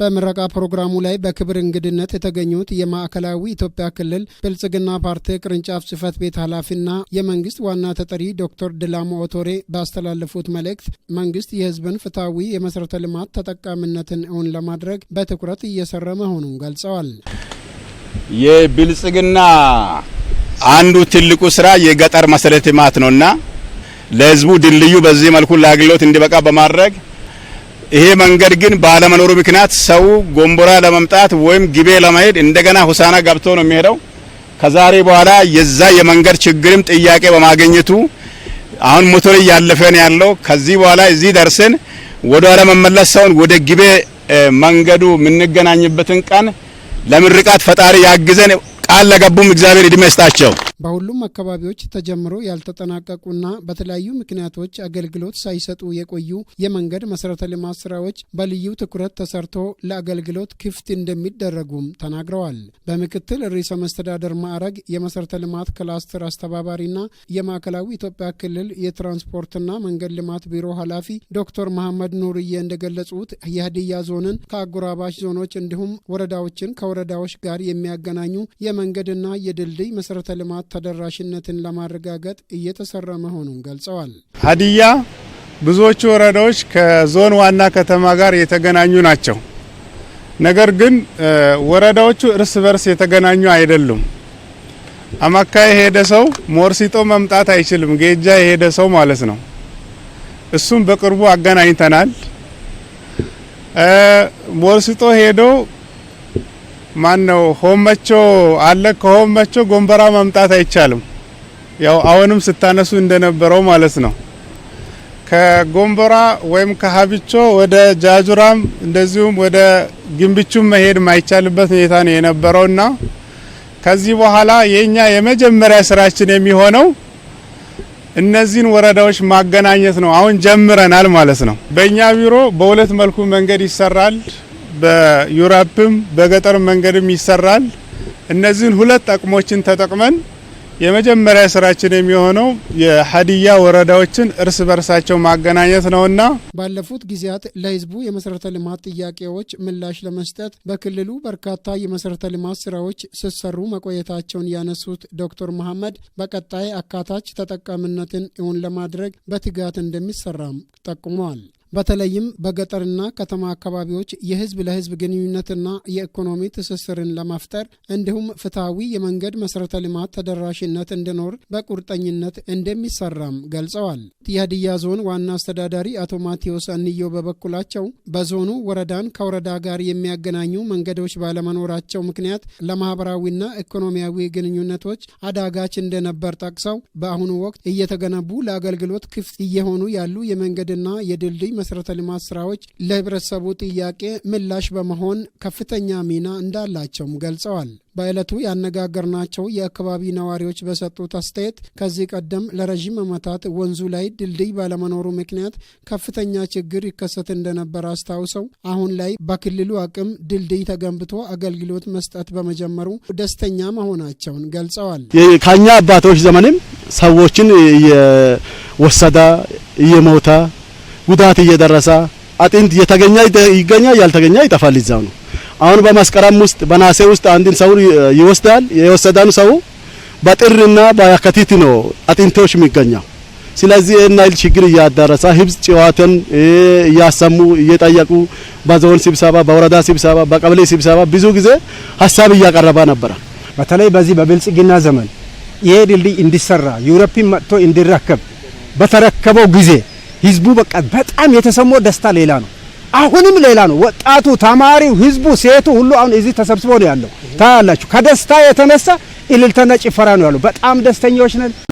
በምረቃ ፕሮግራሙ ላይ በክብር እንግድነት የተገኙት የማዕከላዊ ኢትዮጵያ ክልል ብልጽግና ፓርቲ ቅርንጫፍ ጽህፈት ቤት ኃላፊና የመንግስት ዋና ተጠሪ ዶክተር ድላሞ ኦቶሬ ባስተላለፉት መልእክት መንግስት የህዝብን ፍትሐዊ የመሠረተ ልማት ተጠቃሚነትን እውን ለማድረግ በትኩረት እየሰራ መሆኑን ገልጸዋል። የብልጽግና አንዱ ትልቁ ስራ የገጠር መሠረተ ልማት ነውና ለህዝቡ ድልድዩ በዚህ መልኩ ለአገልግሎት እንዲበቃ በማድረግ ይሄ መንገድ ግን ባለመኖሩ ምክንያት ሰው ጎንቦራ ለመምጣት ወይም ግቤ ለመሄድ እንደገና ሁሳና ገብቶ ነው የሚሄደው። ከዛሬ በኋላ የዛ የመንገድ ችግርም ጥያቄ በማግኘቱ አሁን ሞተር እያለፈ ያለው። ከዚህ በኋላ እዚህ ደርሰን ወደ ኋላ መመለስ ሳይሆን ወደ ግቤ መንገዱ የምንገናኝበትን ቀን ለምርቃት ፈጣሪ ያግዘን። ቃል ለገቡም እግዚአብሔር እድሜ ይስጣቸው። በሁሉም አካባቢዎች ተጀምሮ ያልተጠናቀቁና በተለያዩ ምክንያቶች አገልግሎት ሳይሰጡ የቆዩ የመንገድ መሰረተ ልማት ስራዎች በልዩ ትኩረት ተሰርቶ ለአገልግሎት ክፍት እንደሚደረጉም ተናግረዋል። በምክትል ርዕሰ መስተዳደር ማዕረግ የመሰረተ ልማት ክላስተር አስተባባሪና የማዕከላዊ ኢትዮጵያ ክልል የትራንስፖርትና መንገድ ልማት ቢሮ ኃላፊ ዶክተር መሐመድ ኑርዬ እንደገለጹት የሀዲያ ዞንን ከአጎራባሽ ዞኖች እንዲሁም ወረዳዎችን ከወረዳዎች ጋር የሚያገናኙ የመንገድና የድልድይ መሰረተ ልማት ተደራሽነትን ለማረጋገጥ እየተሰራ መሆኑን ገልጸዋል። ሀዲያ ብዙዎቹ ወረዳዎች ከዞን ዋና ከተማ ጋር የተገናኙ ናቸው። ነገር ግን ወረዳዎቹ እርስ በርስ የተገናኙ አይደሉም። አማካ የሄደ ሰው ሞርሲጦ መምጣት አይችልም፣ ጌጃ የሄደ ሰው ማለት ነው። እሱም በቅርቡ አገናኝተናል። ሞርሲጦ ሄዶ ማን ነው ሆመቾ አለ። ከሆመቾ ጎንበራ ማምጣት አይቻልም። ያው አሁንም ስታነሱ እንደነበረው ማለት ነው። ከጎንበራ ወይም ከሀቢቾ ወደ ጃጁራም እንደዚሁም ወደ ግንብቹም መሄድ ማይቻልበት ሁኔታ ነው የነበረውና ከዚህ በኋላ የኛ የመጀመሪያ ስራችን የሚሆነው እነዚህን ወረዳዎች ማገናኘት ነው። አሁን ጀምረናል ማለት ነው። በእኛ ቢሮ በሁለት መልኩ መንገድ ይሰራል። በዩራፕም በገጠር መንገድም ይሰራል። እነዚህን ሁለት አቅሞችን ተጠቅመን የመጀመሪያ ስራችን የሚሆነው የሀዲያ ወረዳዎችን እርስ በርሳቸው ማገናኘት ነውና ባለፉት ጊዜያት ለህዝቡ የመሰረተ ልማት ጥያቄዎች ምላሽ ለመስጠት በክልሉ በርካታ የመሰረተ ልማት ስራዎች ስሰሩ መቆየታቸውን ያነሱት ዶክተር መሐመድ በቀጣይ አካታች ተጠቃሚነትን እውን ለማድረግ በትጋት እንደሚሰራም ጠቁመዋል። በተለይም በገጠርና ከተማ አካባቢዎች የህዝብ ለህዝብ ግንኙነትና የኢኮኖሚ ትስስርን ለመፍጠር እንዲሁም ፍትሐዊ የመንገድ መሠረተ ልማት ተደራሽነት እንዲኖር በቁርጠኝነት እንደሚሰራም ገልጸዋል። የሀዲያ ዞን ዋና አስተዳዳሪ አቶ ማቴዎስ አንዮ በበኩላቸው በዞኑ ወረዳን ከወረዳ ጋር የሚያገናኙ መንገዶች ባለመኖራቸው ምክንያት ለማህበራዊና ኢኮኖሚያዊ ግንኙነቶች አዳጋች እንደነበር ጠቅሰው በአሁኑ ወቅት እየተገነቡ ለአገልግሎት ክፍት እየሆኑ ያሉ የመንገድና የድልድይ መሠረተ ልማት ስራዎች ለህብረተሰቡ ጥያቄ ምላሽ በመሆን ከፍተኛ ሚና እንዳላቸውም ገልጸዋል። በዕለቱ ያነጋገርናቸው የአካባቢ ነዋሪዎች በሰጡት አስተያየት ከዚህ ቀደም ለረዥም ዓመታት ወንዙ ላይ ድልድይ ባለመኖሩ ምክንያት ከፍተኛ ችግር ይከሰት እንደነበር አስታውሰው አሁን ላይ በክልሉ አቅም ድልድይ ተገንብቶ አገልግሎት መስጠት በመጀመሩ ደስተኛ መሆናቸውን ገልጸዋል። ከኛ አባቶች ዘመንም ሰዎችን እየወሰዳ እየሞታ ጉዳት እየደረሰ አጥንት የተገኘ ይገኛል፣ ያልተገኘ ይጠፋል። ይዛው ነው አሁን በመስቀራም ውስጥ በናሴ ውስጥ አንድን ሰው ይወስዳል። የወሰደን ሰው በጥርና በየካቲት ነው አጥንቶች የሚገኘው። ስለዚህ እና ይል ችግር እያዳረሰ ህብዝ ጨዋታን እያሰሙ እየጠየቁ በዞን ስብሰባ፣ በወረዳ ስብሰባ፣ በቀበሌ ስብሰባ ብዙ ጊዜ ሀሳብ እያቀረበ ነበረ። በተለይ በዚህ በብልጽግና ዘመን ይሄ ድልድይ እንዲሰራ ዩሮፕን መጥቶ እንዲረከብ በተረከበው ጊዜ ህዝቡ በቃ በጣም የተሰማው ደስታ ሌላ ነው። አሁንም ሌላ ነው። ወጣቱ፣ ተማሪው፣ ህዝቡ፣ ሴቱ ሁሉ አሁን እዚህ ተሰብስቦ ነው ያለው። ታያላችሁ። ከደስታ የተነሳ እልልተና ጭፈራ ነው ያለው። በጣም ደስተኞች ነን።